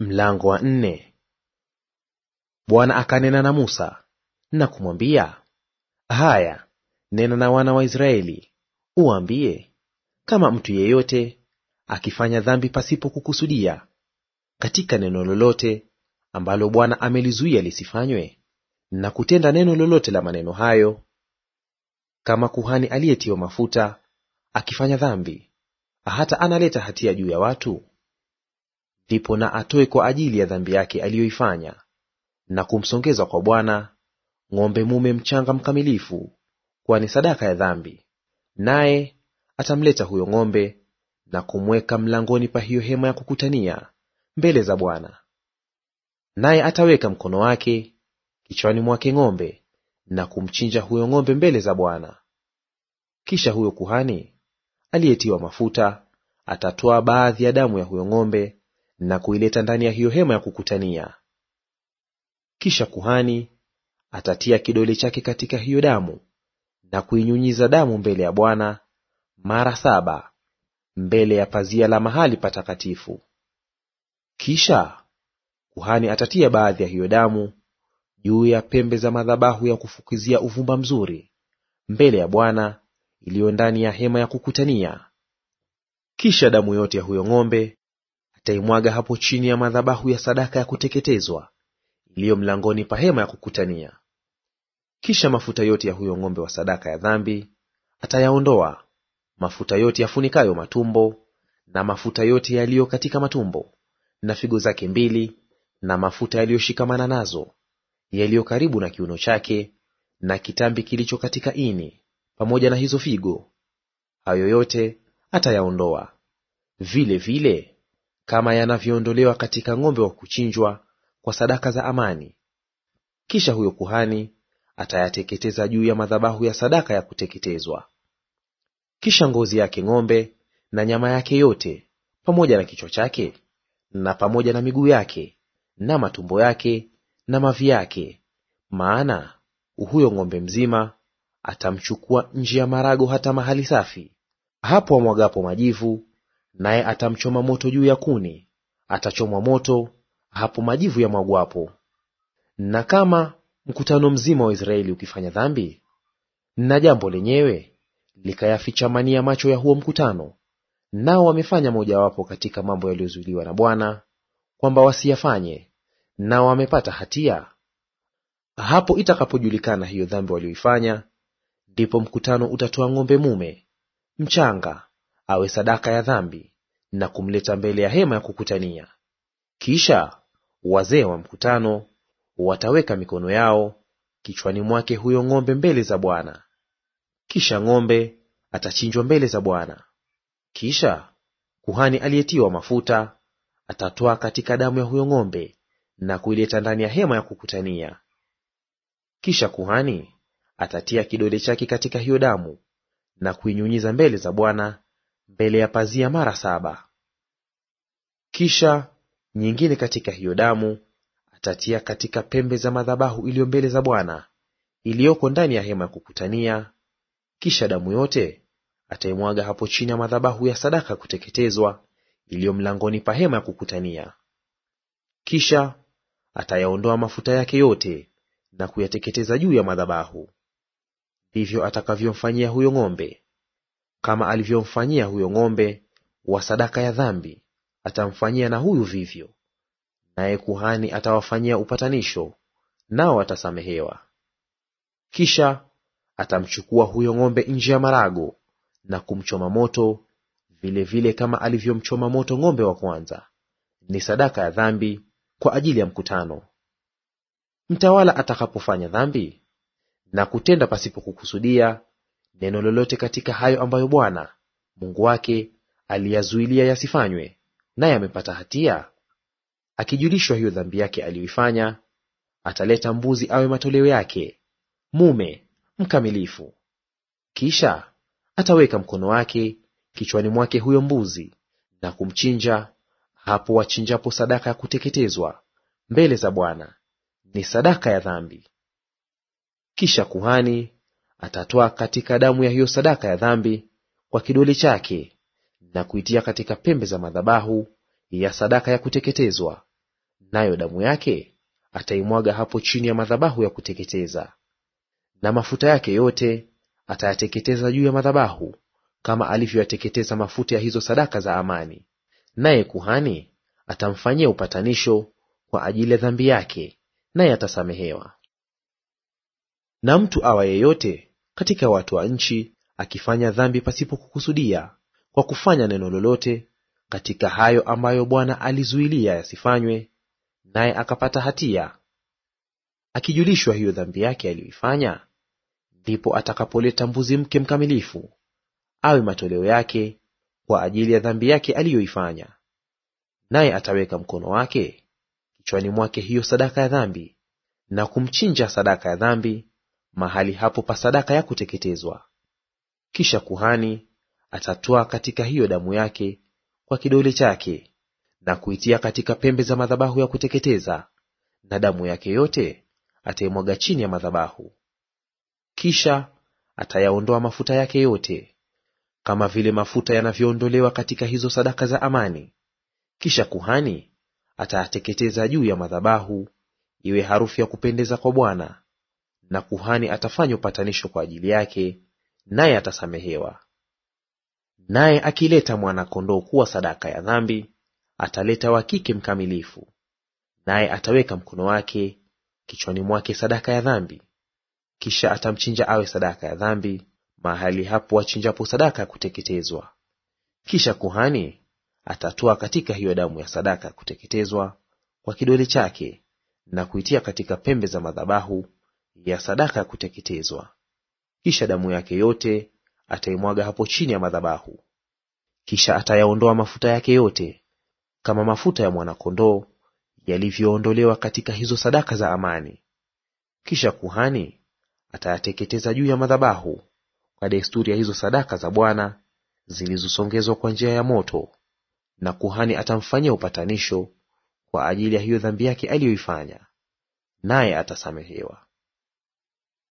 Mlango wa nne. Bwana akanena na Musa na kumwambia, haya, nena na wana wa Israeli uambie kama mtu yeyote akifanya dhambi pasipo kukusudia katika neno lolote ambalo Bwana amelizuia lisifanywe, na kutenda neno lolote la maneno hayo, kama kuhani aliyetiwa mafuta akifanya dhambi, hata analeta hatia juu ya watu ndipo na atoe kwa ajili ya dhambi yake aliyoifanya, na kumsongeza kwa Bwana ng'ombe mume mchanga mkamilifu, kwani ni sadaka ya dhambi. Naye atamleta huyo ng'ombe na kumweka mlangoni pa hiyo hema ya kukutania mbele za Bwana. Naye ataweka mkono wake kichwani mwake ng'ombe na kumchinja huyo ng'ombe mbele za Bwana. Kisha huyo kuhani aliyetiwa mafuta atatoa baadhi ya damu ya huyo ng'ombe na kuileta ndani ya hiyo hema ya kukutania. Kisha kuhani atatia kidole chake katika hiyo damu na kuinyunyiza damu mbele ya Bwana mara saba mbele ya pazia la mahali patakatifu. Kisha kuhani atatia baadhi ya hiyo damu juu ya pembe za madhabahu ya kufukizia uvumba mzuri mbele ya Bwana iliyo ndani ya hema ya kukutania. Kisha damu yote ya huyo ng'ombe nitaimwaga hapo chini ya madhabahu ya sadaka ya kuteketezwa iliyo mlangoni pa hema ya kukutania. Kisha mafuta yote ya huyo ng'ombe wa sadaka ya dhambi atayaondoa, mafuta yote yafunikayo matumbo na mafuta yote yaliyo katika matumbo na figo zake mbili na mafuta yaliyoshikamana nazo yaliyo karibu na kiuno chake na kitambi kilicho katika ini pamoja na hizo figo; hayo yote atayaondoa. Vile vile kama yanavyoondolewa katika ng'ombe wa kuchinjwa kwa sadaka za amani. Kisha huyo kuhani atayateketeza juu ya madhabahu ya sadaka ya kuteketezwa. Kisha ngozi yake ng'ombe na nyama yake yote, pamoja na kichwa chake na pamoja na miguu yake na matumbo yake na mavi yake, maana huyo ng'ombe mzima atamchukua nje ya marago hata mahali safi; hapo amwagapo majivu naye atamchoma moto juu ya kuni, atachomwa moto hapo majivu ya mwagwapo. Na kama mkutano mzima wa Israeli ukifanya dhambi, na jambo lenyewe likayaficha mania macho ya huo mkutano, nao wamefanya mojawapo katika mambo yaliyozuiliwa na Bwana kwamba wasiyafanye, nao wamepata hatia, hapo itakapojulikana hiyo dhambi walioifanya, ndipo mkutano utatoa ng'ombe mume mchanga awe sadaka ya dhambi na kumleta mbele ya hema ya kukutania. Kisha wazee wa mkutano wataweka mikono yao kichwani mwake huyo ng'ombe mbele za Bwana. Kisha ng'ombe atachinjwa mbele za Bwana. Kisha kuhani aliyetiwa mafuta atatoa katika damu ya huyo ng'ombe na kuileta ndani ya hema ya kukutania. Kisha kuhani atatia kidole chake katika hiyo damu na kuinyunyiza mbele za Bwana mbele ya pazia mara saba. Kisha nyingine katika hiyo damu atatia katika pembe za madhabahu iliyo mbele za Bwana iliyoko ndani ya hema ya kukutania. Kisha damu yote ataimwaga hapo chini ya madhabahu ya sadaka ya kuteketezwa iliyo mlangoni pa hema ya kukutania. Kisha atayaondoa mafuta yake yote na kuyateketeza juu ya madhabahu. Ndivyo atakavyomfanyia huyo ng'ombe kama alivyomfanyia huyo ng'ombe wa sadaka ya dhambi, atamfanyia na huyu vivyo. Naye kuhani atawafanyia upatanisho, nao atasamehewa. Kisha atamchukua huyo ng'ombe nje ya marago na kumchoma moto vilevile, vile kama alivyomchoma moto ng'ombe wa kwanza. Ni sadaka ya dhambi kwa ajili ya mkutano. Mtawala atakapofanya dhambi na kutenda pasipo kukusudia neno lolote katika hayo ambayo Bwana Mungu wake aliyazuilia yasifanywe, naye amepata hatia, akijulishwa hiyo dhambi yake aliyoifanya, ataleta mbuzi awe matoleo yake, mume mkamilifu. Kisha ataweka mkono wake kichwani mwake huyo mbuzi na kumchinja hapo wachinjapo sadaka ya kuteketezwa mbele za Bwana; ni sadaka ya dhambi. Kisha kuhani atatoa katika damu ya hiyo sadaka ya dhambi kwa kidole chake na kuitia katika pembe za madhabahu ya sadaka ya kuteketezwa, nayo damu yake ataimwaga hapo chini ya madhabahu ya kuteketeza. Na mafuta yake yote atayateketeza juu ya madhabahu, kama alivyoyateketeza mafuta ya hizo sadaka za amani. Naye kuhani atamfanyia upatanisho kwa ajili ya dhambi yake, naye atasamehewa. Na mtu awa yeyote katika watu wa nchi, akifanya dhambi pasipo kukusudia, kwa kufanya neno lolote katika hayo ambayo Bwana alizuilia yasifanywe, naye akapata hatia, akijulishwa hiyo dhambi yake aliyoifanya, ndipo atakapoleta mbuzi mke mkamilifu awe matoleo yake kwa ajili ya dhambi yake aliyoifanya, naye ataweka mkono wake kichwani mwake hiyo sadaka ya dhambi na kumchinja sadaka ya dhambi mahali hapo pa sadaka ya kuteketezwa. Kisha kuhani atatwaa katika hiyo damu yake kwa kidole chake na kuitia katika pembe za madhabahu ya kuteketeza, na damu yake yote ataimwaga chini ya madhabahu. Kisha atayaondoa mafuta yake yote, kama vile mafuta yanavyoondolewa katika hizo sadaka za amani. Kisha kuhani atayateketeza juu ya madhabahu, iwe harufu ya kupendeza kwa Bwana na kuhani atafanya upatanisho kwa ajili yake, naye atasamehewa. Naye akileta mwana-kondoo kuwa sadaka ya dhambi, ataleta wa kike mkamilifu, naye ataweka mkono wake kichwani mwake sadaka ya dhambi, kisha atamchinja awe sadaka ya dhambi mahali hapo wachinjapo sadaka ya kuteketezwa. Kisha kuhani atatoa katika hiyo damu ya sadaka ya kuteketezwa kwa kidole chake na kuitia katika pembe za madhabahu ya sadaka ya kuteketezwa, kisha damu yake yote ataimwaga hapo chini ya madhabahu. Kisha atayaondoa mafuta yake yote kama mafuta ya mwana-kondoo yalivyoondolewa katika hizo sadaka za amani. Kisha kuhani atayateketeza juu ya madhabahu kwa desturi ya hizo sadaka za Bwana zilizosongezwa kwa njia ya moto, na kuhani atamfanyia upatanisho kwa ajili ya hiyo dhambi yake aliyoifanya, naye atasamehewa.